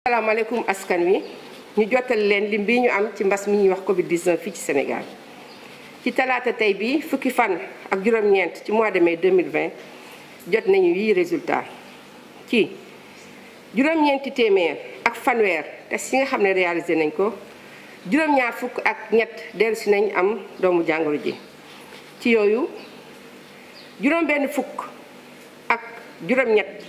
asalaamaaleykum askan wi ñu jottali leen lim bi ñu am ci mbas mi ñuy wax Covid 19 fii ci Sénégal ci talaata tey bi fukki fan ak juróom-ñeent ci mois de mai 2020 jot nañu yi résultat ci juróom-ñeenti téeméer ak fanweer test yi nga xam ne réalisé nañ ko juróom-ñaar fukk ak ñett dellusi nañ am doomu jàngoro ji ci yooyu juróom-benn fukk ak juróom-ñett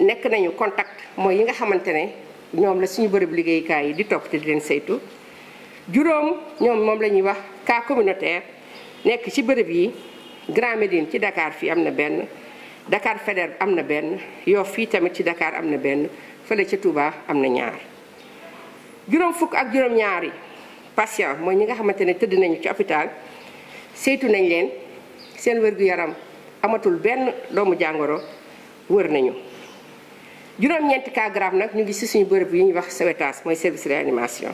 nekk nañu contact. mooy yi nga xamante ne ñoom la suñu bërëb liggéeykaay yi di topp te di leen saytu juróom ñoom moom lañuy wax cas communautaire nekk ci bërëb yi Grand Médine ci Dakar fii am na benn Dakar Feder am na benn Yoff fii tamit ci Dakar am na benn fële ca Touba am na ñaar juróom fukk ak juróom ñaari patient mooy ñi nga xamante ne tëdd nañu ci hôpital saytu nañ leen seen wér-gu-yaram amatul benn doomu jàngoro wër nañu juroom ñent ka grave nak ñu ngi ci suñu bërëb yi ñu wax sewetas moy service réanimation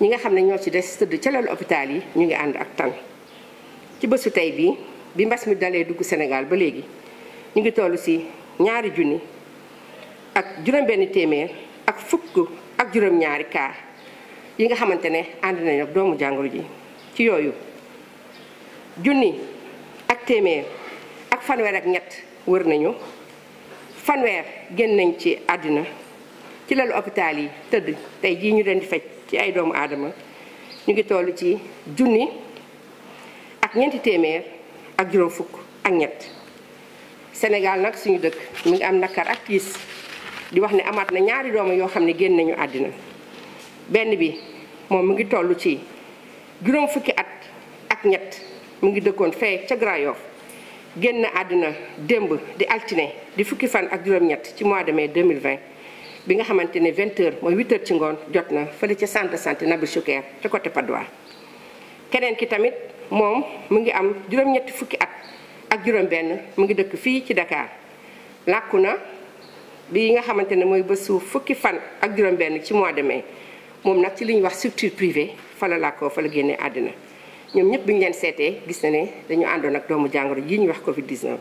ñi nga xamne ñoo ci dess teud ci lool hôpital yi ñu ngi and ak tan ci bëssu tay bi bi mbass mi dalé dugg Sénégal ba légui ñu ngi tollu si ñaari juni ak juroom benn témèr ak fukk ak juroom ñaari ka yi nga xamantene and ànd nañu ak doomu jàngoro ji ci yoyu junni ak témèr ak fanwer ak ñett wër nañu fanweer génn nañ ci àddina ci lalu hôpital yi tëdd tey jii ñu leen di faj ci ay doomu aadama ñu ngi toll ci junni ak ñeenti téeméer ak juróom fukk ak ñett Sénégal nag suñu dëkk mu ngi am nakar ak tiis di wax ni amaat na ñaari dooma yoo xam ne génn nañu àddina benn bi moom mu ngi toll ci juróom fukki at ak ñett mu ngi dëkkoon fee ca Grand génn àdduna démb di altine di fukki fan ak juróom-ñett ci mois de mai 2020 bi nga xamante ne 20 heures mooy 8 ci ngoon jot na fële ca centre santé Nabil Choucair ca coté Patte keneen ki tamit moom mu ngi am juróom-ñetti fukki at ak juróom-benn mu ngi dëkk fii ci dakaar làkku na bi nga xamante ne mooy bésu fukki fan ak juróom-benn ci mois de mai moom nag ci li ñu wax structure privée fa la làkkoo fa la génnee àddina. ñoom ñëpp bi ñu leen seetee gis na ne dañu àndoon ak doomu jàngoro yi ñuy wax Covid 19.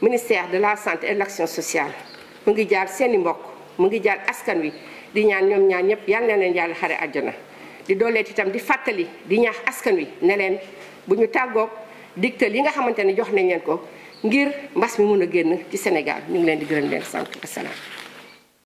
ministère de la santé et l'action sociale mu ngi jaar seen i mbokk mu ngi jaar askan wi di ñaan ñoom ñaan ñëpp yal na leen yàlla xare àjjana di dooleet itam di fàttali di ñaax askan wi ne leen bu ñu tàggoog digtal yi nga xamante ne jox nañ leen ko ngir mbas mi mun a génn ci Sénégal ñu ngi leen di gërëm leen sant asalaam.